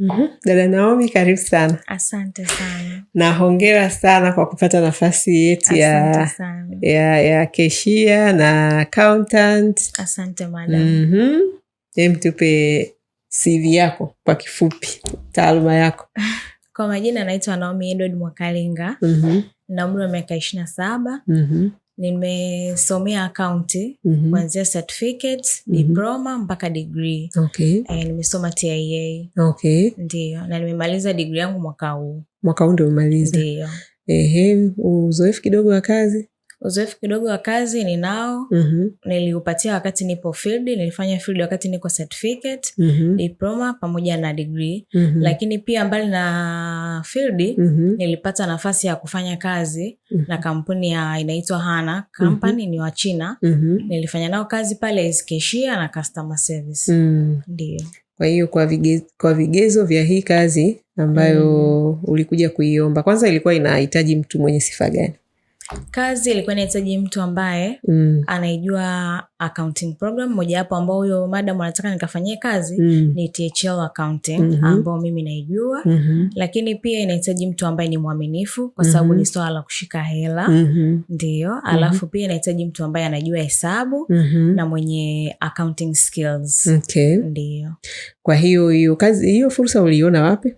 Mm -hmm. Dada Naomi karibu sana. Asante sana na hongera sana kwa kupata nafasi yetu ya, ya, ya keshia na accountant. Asante madam. Mm -hmm. Emtupe CV yako kwa kifupi, taaluma yako. Kwa majina anaitwa Naomi Edward Mwakalinga. mm -hmm. na umri wa miaka ishirini na saba. mm -hmm nimesomea akaunti mm -hmm. kuanzia mm -hmm. diploma mpaka digrii okay. E, nimesoma TIA okay. Ndio, na nimemaliza digrii yangu mwaka huu. Mwaka huu ndio umemaliza? Ndio. Ehe, uzoefu kidogo wa kazi Uzoefu kidogo wa kazi ninao. mm -hmm. Niliupatia wakati nipo field, nilifanya field wakati niko certificate, mm -hmm. diploma pamoja na degree. mm -hmm. Lakini pia mbali na field, mm -hmm. nilipata nafasi ya kufanya kazi mm -hmm. na kampuni ya inaitwa Hana Company, mm -hmm. ni wa China. mm -hmm. Nilifanya nao kazi pale as cashier na customer service. ndio mm. Ndio. Kwa hiyo kwa vigezo, kwa vigezo vya hii kazi ambayo mm. ulikuja kuiomba, kwanza ilikuwa inahitaji mtu mwenye sifa gani? kazi ilikuwa inahitaji mtu ambaye mm. anaijua accounting program mojawapo ambao huyo madam anataka nikafanyie kazi mm. ni THL accounting mm -hmm. ambao mimi naijua mm -hmm. lakini pia inahitaji mtu ambaye ni mwaminifu kwa mhm. sababu mm -hmm. ni swala la kushika hela mm -hmm. ndio mhm. alafu mm -hmm. pia inahitaji mtu ambaye anajua hesabu mm -hmm. na mwenye accounting skills okay. ndio kwa hiyo hiyo kazi hiyo fursa uliiona wapi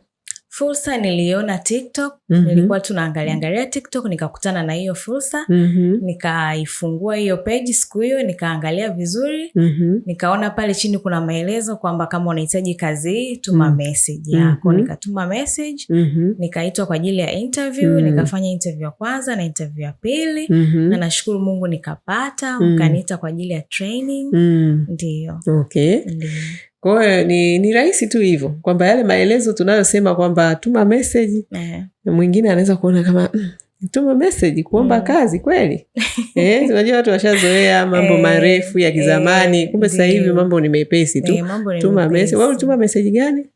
fursa niliona TikTok mm -hmm. nilikuwa tunaangaliangalia TikTok nikakutana na hiyo fursa mm -hmm. nikaifungua hiyo peji siku hiyo nikaangalia vizuri mm -hmm. nikaona pale chini kuna maelezo kwamba kama unahitaji kazi hii tuma mm -hmm. message yako mm -hmm. nikatuma message mm -hmm. nikaitwa kwa ajili ya interview mm -hmm. nikafanya interview ya kwanza na interview ya pili mm -hmm. na nashukuru Mungu nikapata mm -hmm. kwa ajili ya training mm -hmm. ndiyo okay kwahiyo ni, ni rahisi tu hivyo kwamba yale maelezo tunayosema kwamba tuma meseji yeah. Mwingine anaweza kuona kama mm, tuma meseji kuomba mm. kazi kweli? Eh, unajua watu washazoea mambo eh. marefu ya kizamani, eh, kumbe sasa hivi mambo ni mepesi tu. Eh, tuma meseji. Wewe ulituma meseji gani?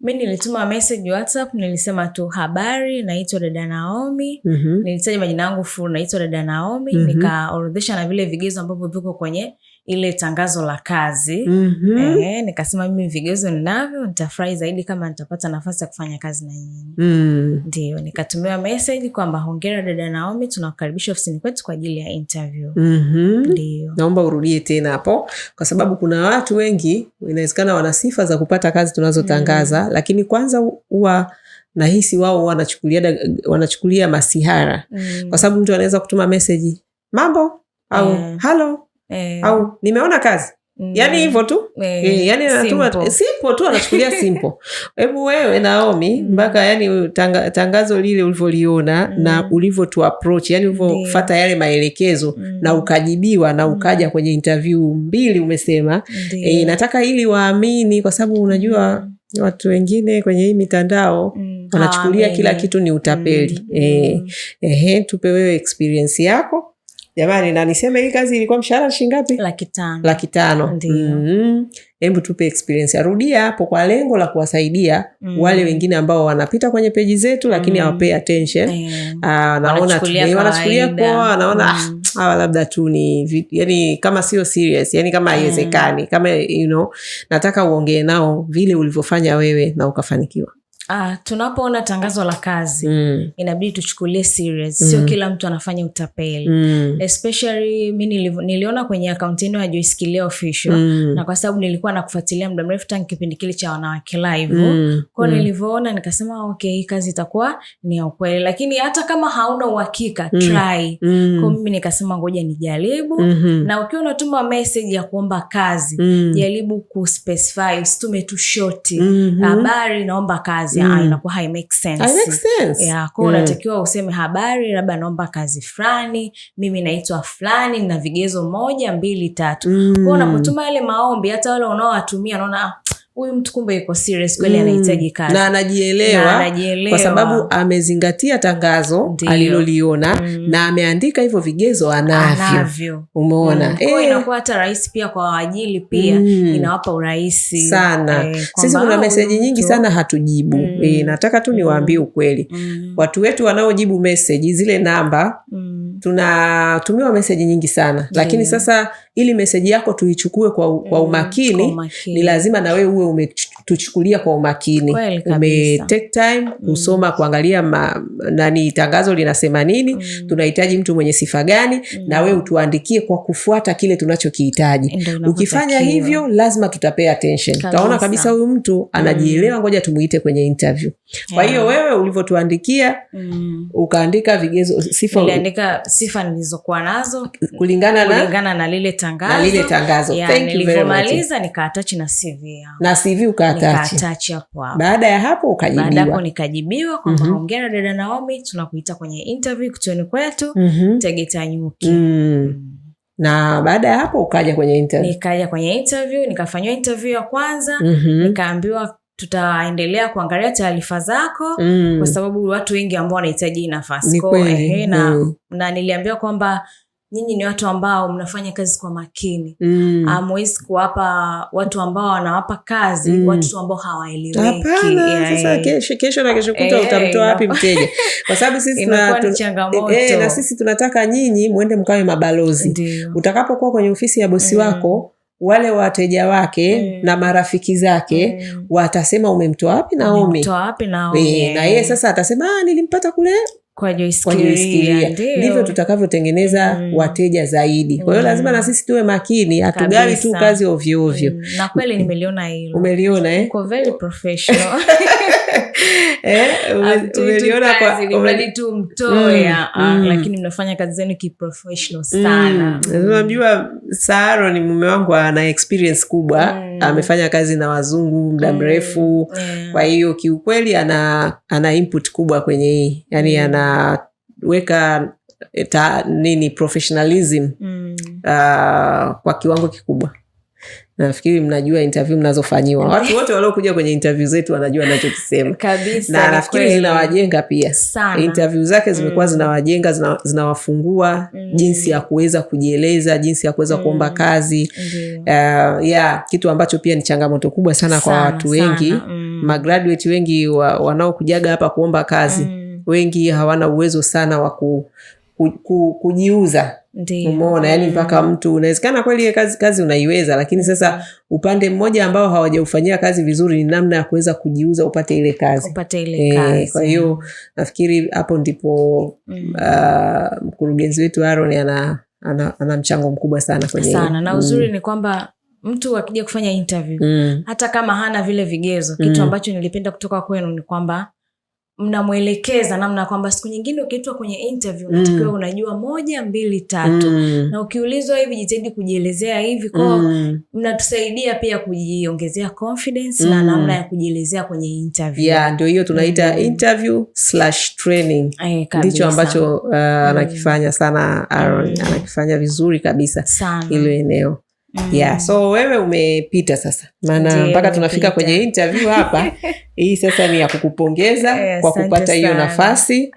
Mi nilituma meseji WhatsApp, nilisema tu habari, naitwa dada Naomi. mm -hmm. Nilitaja majina yangu fu naitwa dada Naomi. mm -hmm. Nikaorodhesha na vile vigezo ambavyo viko kwenye ile tangazo la kazi mm -hmm. Eh, nikasema mimi vigezo ninavyo, nitafurahi zaidi kama nitapata nafasi ya kufanya kazi na nyinyi mm. Ndio nikatumiwa meseji kwamba hongera dada Naomi, tunakukaribisha ofisini kwetu kwa ajili ya interview mm -hmm. Ndio naomba urudie tena hapo, kwa sababu kuna watu wengi inawezekana wana sifa za kupata kazi tunazotangaza mm. hmm Lakini kwanza huwa nahisi wao wanachukulia wanachukulia masihara mm. Kwa sababu mtu anaweza kutuma meseji mambo au yeah. halo eh, au nimeona kazi mm, yani hivo tu eh, eh, yani anatuma simpo tu anachukulia simpo Hebu wewe Naomi, mm. mpaka yani tanga, tangazo lile ulivyoliona mm. na ulivyotu approach yani ulivyofuata yale maelekezo mm. na ukajibiwa na mm. ukaja kwenye interview mbili umesema e, eh, nataka ili waamini, kwa sababu unajua mm. watu wengine kwenye hii mitandao mm. wanachukulia kila kitu ni utapeli mm. e, ehe, tupe wewe experience yako Jamani, na niseme hii kazi ilikuwa mshahara shingapi Laki tano. Laki tano. Mm-hmm. Hebu tupe experience. Arudia hapo kwa lengo la kuwasaidia mm. wale wengine ambao wanapita kwenye peji zetu lakini hawapei mm. attention. Mm. uh, naona ah, wanachukulia kwa wanaona mm. hawa labda tu ni yani kama sio serious, yani kama haiwezekani. Mm. Kama you know, nataka uongee nao vile ulivyofanya wewe na ukafanikiwa. Ah, tunapoona tangazo la kazi mm. inabidi tuchukulie serious mm. Sio kila mtu anafanya utapeli mm. Especially mi niliona kwenye akaunti yenu ya Joyce Official mm. na kwa sababu nilikuwa nakufuatilia muda mrefu tangu kipindi kile cha wanawake live mm. kwao mm. nilivyoona nikasema okay, hii kazi itakuwa ni ya ukweli, lakini hata kama hauna uhakika mm. try mm. kwao mimi nikasema ngoja nijaribu mm -hmm. na ukiwa unatuma message ya kuomba kazi mm. jaribu kuspecify, usitume tu short mhm. habari mm -hmm. naomba kazi kazi mm. inakuwa hai make sense. Hai make sense. Yeah, kwa hiyo mm. unatakiwa useme habari, labda naomba kazi fulani, mimi naitwa fulani, na vigezo moja mbili tatu. Mm. Kwa unapotuma yale maombi, hata wale unaowatumia unaona ah, huyu mtu kumbe yuko serious kweli, mm. anahitaji kazi na anajielewa, kwa sababu amezingatia tangazo aliloliona mm. na ameandika hivyo vigezo anavyo, Umeona mm. eh. Inakuwa hata rahisi pia kwa waajili pia mm. inawapa urahisi sana eh, sisi kuna meseji nyingi sana hatujibu mm. eh, nataka tu niwaambie mm. ukweli mm. watu wetu wanaojibu meseji zile namba mm tunatumiwa meseji nyingi sana yeah. Lakini sasa ili meseji yako tuichukue kwa, kwa mm, umakini, umakini, ni lazima na wewe uwe ume, tuchukulia kwa umakini. Ume take time kusoma, mm. kuangalia ma, nani tangazo linasema nini, mm. tunahitaji mtu mwenye sifa gani, mm. na we utuandikie kwa kufuata kile tunachokihitaji. Ukifanya hivyo, lazima tutapea attention, utaona kabisa huyu mtu anajielewa, mm. ngoja tumuite kwenye interview. Kwa hiyo yeah. wewe ulivyotuandikia, mm. ukaandika vigezo sifa, uliandika sifa nilizokuwa nazo kulingana na kulingana na lile tangazo, na lile tangazo. Yeah, Thank you very much. nikaatachi na CV yangu na CV uka Nikatacha kwao. Baada ya hapo ukajibiwa? Baada hapo nikajibiwa kwamba mm mhm. -hmm. Hongera na dada Naomi, tunakuita kwenye interview kituoni kwetu mm -hmm. Tegeta Nyuki mm. mm. Na baada ya hapo ukaja kwenye interview? Nikaja kwenye interview, nikafanyiwa interview ya kwanza mm -hmm. nikaambiwa tutaendelea kuangalia taarifa zako mm. kwa sababu watu wengi ambao wanahitaji nafasi na, mm. na niliambiwa kwamba nyinyi ni watu ambao mnafanya kazi kwa makini mm. Amwezi kuwapa watu ambao wanawapa kazi mm. watu ambao hawaeleweki. kesho na kesho eh, utamtoa wapi mteja? Kwa sababu sisi na, e, eh, na sisi tunataka nyinyi mwende mkawe mabalozi. Utakapokuwa kwenye ofisi ya bosi mm. wako wale wateja wake mm. na marafiki zake mm. watasema umemtoa wapi Naomi, umemtoa wapi Naomi, na yeye sasa atasema ah, nilimpata kule kwa ndivyo tutakavyotengeneza mm. wateja zaidi. Kwa hiyo mm. lazima na sisi tuwe makini, hatugawi tu kazi ovyoovyo. Mm. na kweli nimeliona hilo. Umeliona eh? Uko very professional Saro ni mume wangu, ana experience kubwa mm. amefanya kazi na wazungu muda mm. mrefu mm. yeah. kwa hiyo kiukweli ana ana input kubwa kwenye hii yani mm. ana inaweka eh, ta, nini professionalism mm. uh, kwa kiwango kikubwa. Nafikiri mnajua interview mnazofanyiwa, mm. watu wote waliokuja kwenye interview zetu wanajua anachokisema na nafikiri zinawajenga pia sana. Interview zake zimekuwa mm. zinawajenga zinawafungua zina, mm. jinsi ya kuweza kujieleza, jinsi ya kuweza mm. kuomba kazi uh, ya yeah, kitu ambacho pia ni changamoto kubwa sana, sana kwa watu wengi mm. magraduate wengi wa, wanaokujaga hapa kuomba kazi mm wengi hawana uwezo sana wa ku, ku, ku, kujiuza umona yani mpaka mtu unawezekana kweli kazi, kazi unaiweza, lakini sasa upande mmoja ambao hawajaufanyia kazi vizuri ni namna ya kuweza kujiuza upate ile kazi, upate ile eh, kazi. kwa hiyo nafikiri hapo ndipo mm. uh, mkurugenzi wetu Aaron ana, ana, ana mchango mkubwa sana kwenye sana na mm. uzuri mm. ni kwamba mtu akija kufanya interview mm. hata kama hana vile vigezo, kitu mm. ambacho nilipenda kutoka kwenu ni kwamba mnamwelekeza namna kwamba siku nyingine ukiitwa kwenye interview unatakiwa mm. unajua moja mbili tatu mm. na ukiulizwa hivi jitaidi kujielezea hivi kwao mm. mnatusaidia pia kujiongezea confidence mm. na namna ya kujielezea kwenye interview yeah, ndio hiyo tunaita mm. interview slash training eh, ndicho ambacho uh, mm. anakifanya sana Aaron mm. anakifanya vizuri kabisa hilo eneo Mm. Yeah, so wewe umepita sasa, maana mpaka tunafika kwenye interview hapa hii sasa ni ya kukupongeza eh, kwa kupata hiyo nafasi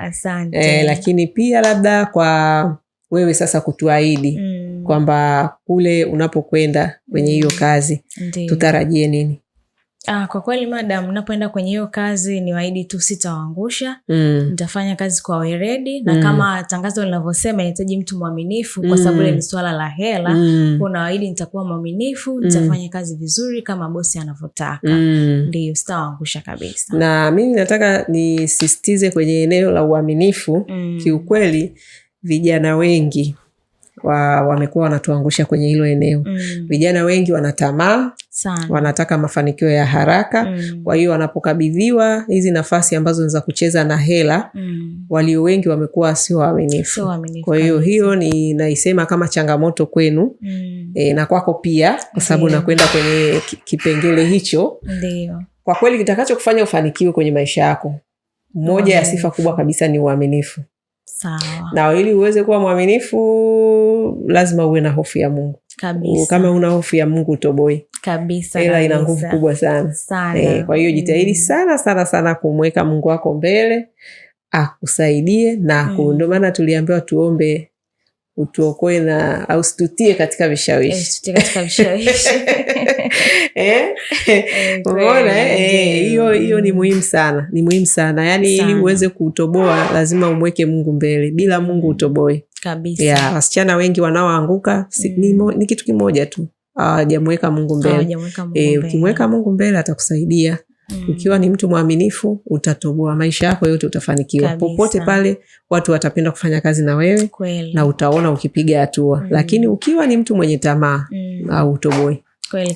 e, lakini pia labda kwa wewe sasa kutuahidi mm. kwamba kule unapokwenda kwenye hiyo mm. kazi Ndiyo. tutarajie nini? Ah, kwa kweli madam, napoenda kwenye hiyo kazi ni waahidi tu sitawaangusha. Mm. Nitafanya kazi kwa weredi na mm. kama tangazo linavyosema inahitaji mtu mwaminifu kwa mm. sababu ile ni swala la hela. Mm. Kuna naahidi nitakuwa mwaminifu, nitafanya mm. kazi vizuri kama bosi anavyotaka. Mm. Ndio, sitawaangusha kabisa. Na mimi nataka nisisitize kwenye eneo la uaminifu mm. Kiukweli vijana wengi wa, wamekuwa wanatuangusha kwenye hilo eneo mm. Vijana wengi wanatamaa sana, wanataka mafanikio ya haraka mm. Kwa hiyo wanapokabidhiwa hizi nafasi ambazo ni za kucheza na hela mm. Walio wengi wamekuwa sio waaminifu, kwa hiyo hiyo ni naisema kama changamoto kwenu mm. E, na kwako pia, kwa sababu nakwenda kwenye kipengele hicho. Ndiyo. Kwa kweli kitakacho kufanya ufanikiwe kwenye maisha yako, moja ya sifa kubwa kabisa ni uaminifu Sawa. Na ili uweze kuwa mwaminifu lazima uwe na hofu ya Mungu kabisa. Kama una hofu ya Mungu utoboi kabisa, ila ina nguvu kubwa sana, sana. E, kwa hiyo jitahidi mm. sana sana sana kumweka Mungu wako mbele akusaidie na mm. Ndio maana tuliambiwa tuombe utuokoe na ausitutie katika vishawishi umeona hiyo hiyo ni muhimu sana ni muhimu sana yaani ili uweze kutoboa lazima umweke mungu mbele bila mungu utoboe kabisa wasichana wengi wanaoanguka mm. ni, ni kitu kimoja tu hawajamweka mungu mbele eh, ukimweka mungu mbele atakusaidia Mm. Ukiwa ni mtu mwaminifu utatoboa, maisha yako yote utafanikiwa kabisa. Popote pale watu watapenda kufanya kazi na wewe Kweli. na utaona ukipiga hatua mm. Lakini ukiwa ni mtu mwenye tamaa mm. au utoboi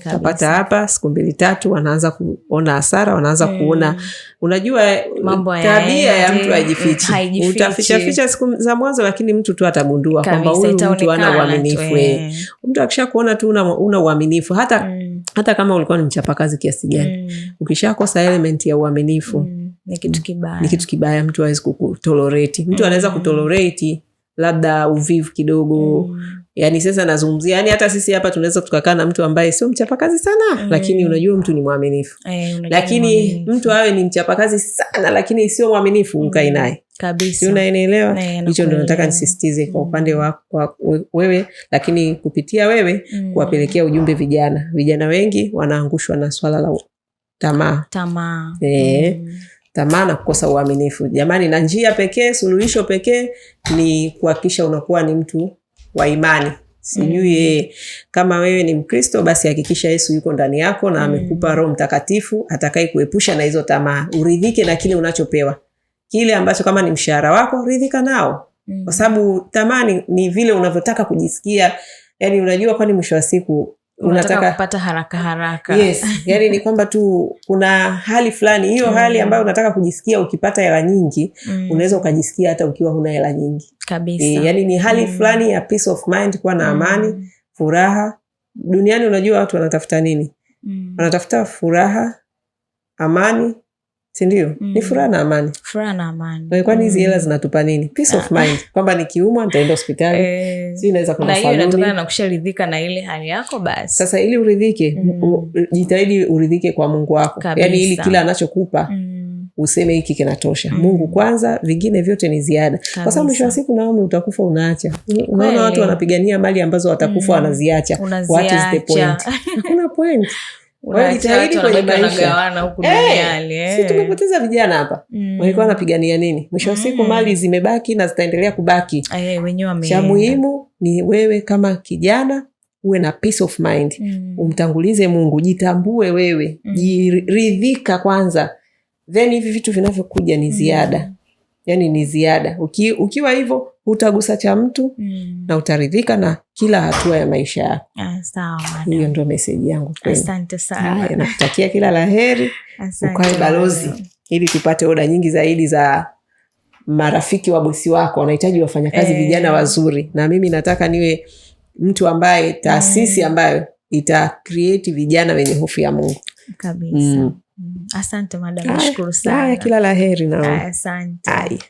tapata hapa siku mbili tatu, wanaanza kuona hasara, wanaanza hmm. kuona, unajua mambo tabia ya mtu haijifichi. Utafichaficha siku za mwanzo, lakini mtu tu atagundua kwamba huyu mtu ana uaminifu. Eh. Mtu akisha kuona tu una uaminifu hata, hmm. hata kama ulikuwa ni mchapakazi kiasi gani mm. ukishakosa element ya uaminifu hmm. ni kitu mm. kibaya, ni kitu kibaya, mtu hawezi kukutolerate. Mtu hmm. anaweza mm. kutolerate labda uvivu kidogo mm Yani sasa nazungumzia, yani hata sisi hapa tunaweza tukakaa na mtu ambaye sio mchapakazi sana mm. Lakini unajua mtu ni mwaminifu e, lakini mwaminifu. Mtu awe ni mchapakazi sana lakini sio mwaminifu mm. Ukae naye kabisa, unanielewa? Eh, Hicho ndo nataka nisisitize kwa mm. upande wako wewe, lakini kupitia wewe mm. kuwapelekea ujumbe vijana. Vijana wengi wanaangushwa na swala la tamaa tamaa e. mm tamaa na kukosa uaminifu. Jamani, na njia pekee, suluhisho pekee ni kuhakikisha unakuwa ni mtu wa imani sijui mm. yeye kama wewe ni Mkristo basi hakikisha Yesu yuko ndani yako na mm. amekupa Roho Mtakatifu atakai kuepusha na hizo tamaa. Uridhike na kile unachopewa, kile ambacho kama ni mshahara wako ridhika nao, mm. kwa sababu tamaa ni vile unavyotaka kujisikia. Yani unajua, kwani mwisho wa siku unataka kupata haraka haraka. Yes, yani ni kwamba tu kuna hali fulani hiyo mm. hali ambayo unataka kujisikia ukipata hela nyingi mm. unaweza ukajisikia hata ukiwa huna hela nyingi kabisa. E, yani ni hali mm. fulani ya peace of mind, kuwa na mm. amani mm. furaha. Duniani unajua watu wanatafuta nini? mm. wanatafuta furaha, amani sindio? Mm. Ni furaha na amani, furaha na amani. Kwani hizi mm. hela zinatupa nini? Peace of ah. mind kwamba nikiumwa nitaenda hospitali e, eh. si naweza kwenda saluni. Inatokana na kusharidhika na ile hali yako basi. Sasa ili uridhike mm. jitahidi uridhike kwa Mungu wako yaani kabisa. Yani ili kila anachokupa mm. useme hiki kinatosha mm. Mungu kwanza, vingine vyote ni ziada, kwa sababu mwisho wa siku naome utakufa unaacha. Unaona watu wanapigania mali ambazo watakufa mm. wanaziacha. What is the point? Hakuna point kwenye eh, eh. tumepoteza vijana hapa mm. walikuwa wanapigania nini? Mwisho wa siku mm. mali zimebaki na zitaendelea kubaki. Eh, Cha muhimu ni wewe kama kijana uwe na peace of mind mm. umtangulize Mungu, jitambue wewe mm. jiridhika kwanza, then hivi vitu vinavyokuja ni mm. ziada mm yani ni ziada. Uki, ukiwa hivyo utagusa cha mtu mm. na utaridhika na kila hatua ya maisha yako. Ah, Hiyo ndio meseji yangu. Asante sana. Nakutakia kila laheri, ukawe balozi ili tupate oda nyingi zaidi za marafiki wa bosi wako. Wanahitaji wafanyakazi e. vijana wazuri, na mimi nataka niwe mtu ambaye taasisi mm. ambayo ita create vijana wenye hofu ya Mungu kabisa. Mm. Mm, asante madam, nashukuru sana. Kila la heri nawe. Asante.